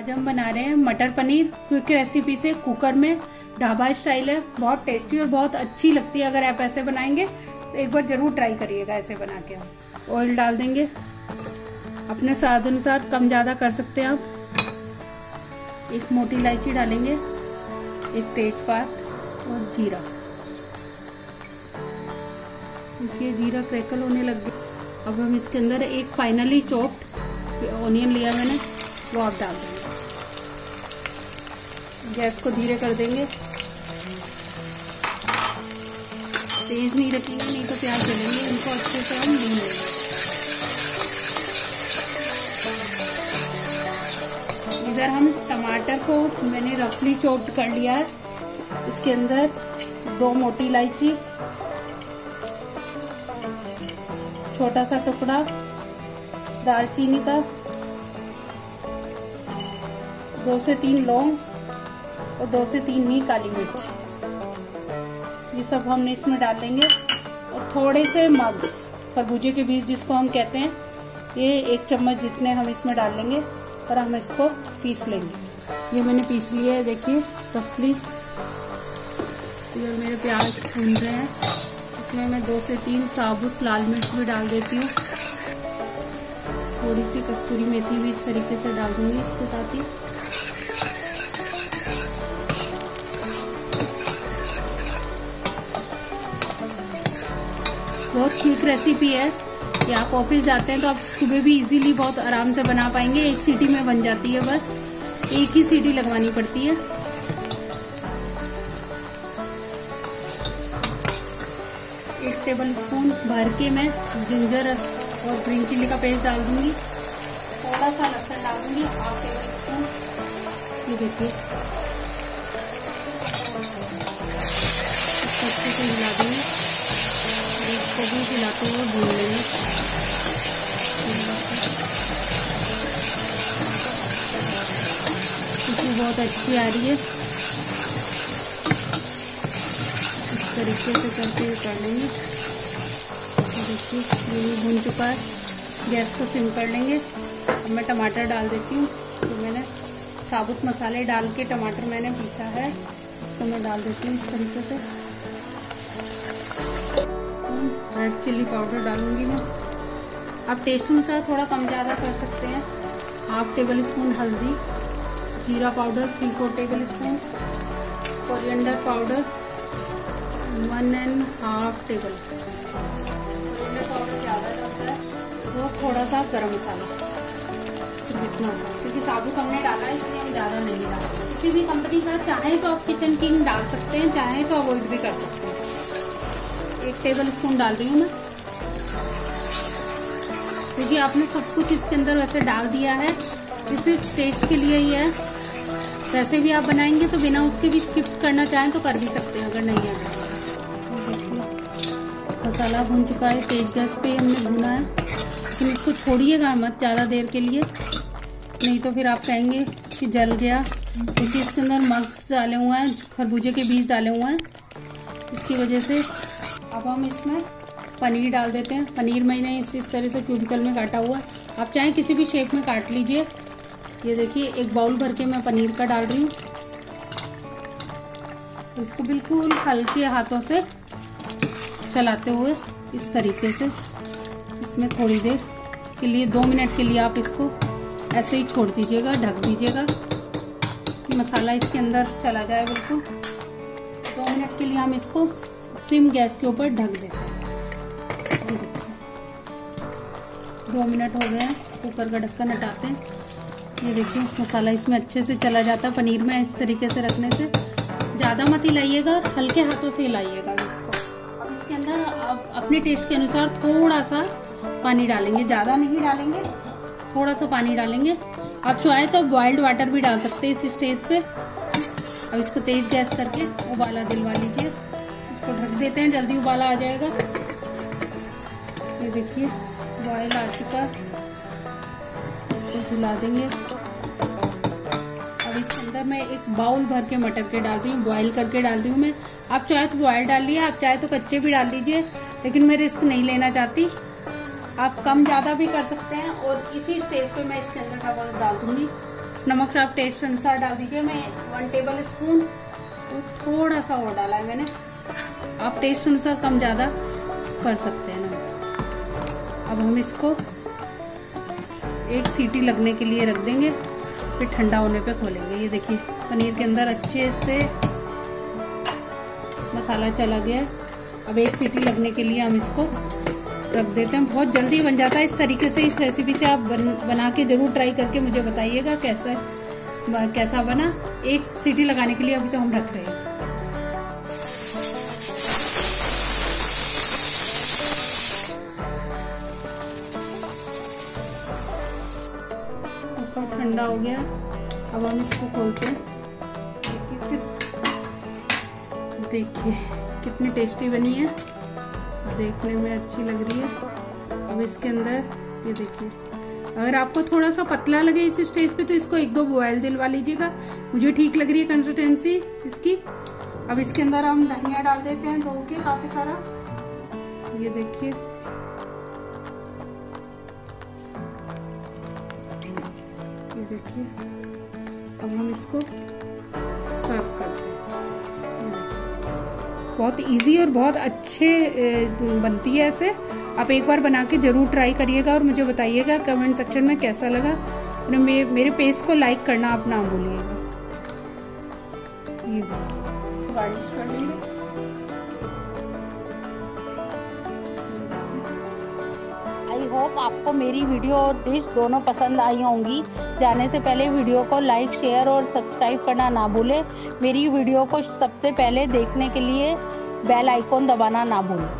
आज हम बना रहे हैं मटर पनीर क्विक रेसिपी से कुकर में ढाबा स्टाइल है बहुत टेस्टी और बहुत अच्छी लगती है अगर आप ऐसे बनाएंगे तो एक बार ज़रूर ट्राई करिएगा ऐसे बना के ऑयल डाल देंगे अपने स्वाद अनुसार कम ज़्यादा कर सकते हैं आप एक मोटी इलायची डालेंगे एक तेजपात और जीरा देखिए जीरा क्रैकल होने लग गया अब हम इसके अंदर एक फाइनली चॉप्ड ऑनियन लिया मैंने वो आप डाल देंगे गैस को धीरे कर देंगे तेज़ नहीं रखेंगे नहीं तो प्याज जलेंगे इनको अच्छे से हम भून लेंगे इधर हम टमाटर को मैंने रफली चोट कर लिया है इसके अंदर दो मोटी इलायची छोटा सा टुकड़ा दालचीनी का दो से तीन लौंग और दो से तीन ही काली मिर्च ये सब हमने इसमें डाल देंगे और थोड़े से मग्स खरबूजे के बीज जिसको हम कहते हैं ये एक चम्मच जितने हम इसमें डाल लेंगे और हम इसको पीस लेंगे ये मैंने पीस लिया है देखिए रफली इधर मेरे प्याज भून रहे हैं इसमें मैं दो से तीन साबुत लाल मिर्च भी डाल देती हूँ थोड़ी सी कस्तूरी मेथी भी इस तरीके से डाल दूँगी इसके साथ ही बहुत क्विक रेसिपी है कि आप ऑफिस जाते हैं तो आप सुबह भी इजीली बहुत आराम से बना पाएंगे एक सीटी में बन जाती है बस एक ही सीटी लगवानी पड़ती है एक टेबल स्पून भर के मैं जिंजर और ग्रीन चिली का पेस्ट डाल दूंगी थोड़ा सा डाल दूंगी हाफ टेबल स्पून ये देखिए अच्छी आ रही है इस तरीके से करके कर लेंगे देखिए ये भून चुका है गैस को सिम कर लेंगे अब मैं टमाटर डाल देती हूँ तो मैंने साबुत मसाले डाल के टमाटर मैंने पीसा है इसको मैं डाल देती हूँ इस तरीके से रेड चिल्ली पाउडर डालूंगी मैं आप टेस्ट अनुसार थोड़ा कम ज़्यादा कर सकते हैं हाफ टेबल स्पून हल्दी जीरा powder three four tablespoon coriander powder one and half tablespoon powder ज़्यादा डलता है वो थोड़ा सा गर्म मसाला सिर्फ इतना सा क्योंकि साबुत हमने डाला है इसलिए हम ज़्यादा नहीं डाला किसी भी कंपनी का चाहे तो आप किचन किंग डाल सकते हैं चाहे तो अवॉइड भी कर सकते हैं एक टेबल स्पून डाल रही हूँ मैं क्योंकि आपने सब कुछ इसके अंदर वैसे डाल दिया है ये सिर्फ टेस्ट के लिए ही है वैसे भी आप बनाएंगे तो बिना उसके भी स्किप करना चाहें तो कर भी सकते हैं अगर नहीं आता तो। मसाला भून चुका है तेज गैस पे हमने भुना है लेकिन इसको छोड़िएगा मत ज़्यादा देर के लिए नहीं तो फिर आप कहेंगे कि जल गया क्योंकि तो इसके अंदर मग्स डाले हुए हैं खरबूजे के बीज डाले हुए हैं इसकी वजह से अब हम इसमें पनीर डाल देते हैं पनीर मैंने इस इस तरह से क्यूबिकल में काटा हुआ है आप चाहें किसी भी शेप में काट लीजिए ये देखिए एक बाउल भर के मैं पनीर का डाल रही हूँ इसको बिल्कुल हल्के हाथों से चलाते हुए इस तरीके से इसमें थोड़ी देर के लिए दो मिनट के लिए आप इसको ऐसे ही छोड़ दीजिएगा ढक दीजिएगा कि मसाला इसके अंदर चला जाए बिल्कुल दो मिनट के लिए हम इसको सिम गैस के ऊपर ढक देते हैं दो मिनट हो गए हैं कुकर का ढक्कन हटाते हैं ये देखिए मसाला इसमें अच्छे से चला जाता है पनीर में इस तरीके से रखने से ज़्यादा मत हिलाइएगा और हल्के हाथों से हिलाइएगा इसको अब इसके अंदर आप अपने टेस्ट के अनुसार थोड़ा सा पानी डालेंगे ज़्यादा नहीं डालेंगे थोड़ा सा पानी डालेंगे आप चाहे तो बॉइल्ड वाटर भी डाल सकते हैं इस स्टेज पे अब इसको तेज़ गैस करके उबाला दिलवा लीजिए इसको ढक देते हैं जल्दी उबाला आ जाएगा ये देखिए बॉयल आ चुका फुला देंगे अब इसके अंदर मैं एक बाउल भर के मटर के डाल रही हूँ बॉईल करके डाल रही हूँ मैं आप चाहे तो बॉयल डालिए आप चाहे तो कच्चे भी डाल दीजिए लेकिन मैं रिस्क नहीं लेना चाहती आप कम ज़्यादा भी कर सकते हैं और इसी स्टेज पर मैं इसके अंदर का बोल डाल दूँगी नमक आप टेस्ट अनुसार डाल दीजिए मैं वन टेबल स्पून थोड़ा सा और डाला है मैंने आप टेस्ट अनुसार कम ज़्यादा कर सकते हैं नमक अब हम इसको एक सीटी लगने के लिए रख देंगे फिर ठंडा होने पे खोलेंगे ये देखिए पनीर के अंदर अच्छे से मसाला चला गया अब एक सीटी लगने के लिए हम इसको रख देते हैं बहुत जल्दी बन जाता है इस तरीके से इस रेसिपी से आप बन बना के ज़रूर ट्राई करके मुझे बताइएगा कैसा कैसा बना एक सीटी लगाने के लिए अभी तो हम रख रहे हैं हो गया अब हम इसको खोलते हैं देखिए सिर्फ देखिए कितनी टेस्टी बनी है देखने में अच्छी लग रही है अब इसके अंदर ये देखिए अगर आपको थोड़ा सा पतला लगे इस स्टेज पे तो इसको एक दो बॉयल दिलवा लीजिएगा मुझे ठीक लग रही है कंसिस्टेंसी इसकी अब इसके अंदर हम धनिया डाल देते हैं धो के काफ़ी सारा ये देखिए देखिए अब हम इसको सर्व करते हैं हम्म। बहुत इजी और बहुत अच्छे बनती है ऐसे आप एक बार बना के ज़रूर ट्राई करिएगा और मुझे बताइएगा कमेंट सेक्शन में कैसा लगा और मे, मेरे पेज को लाइक करना आप ना भूलिएगा ये गार्निश कर लेंगे होप आपको मेरी वीडियो और डिश दोनों पसंद आई होंगी जाने से पहले वीडियो को लाइक शेयर और सब्सक्राइब करना ना भूलें मेरी वीडियो को सबसे पहले देखने के लिए बेल आइकॉन दबाना ना भूलें